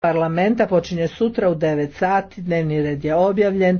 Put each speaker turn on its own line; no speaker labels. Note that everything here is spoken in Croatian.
parlamenta počinje sutra u 9 sati, dnevni red je objavljen.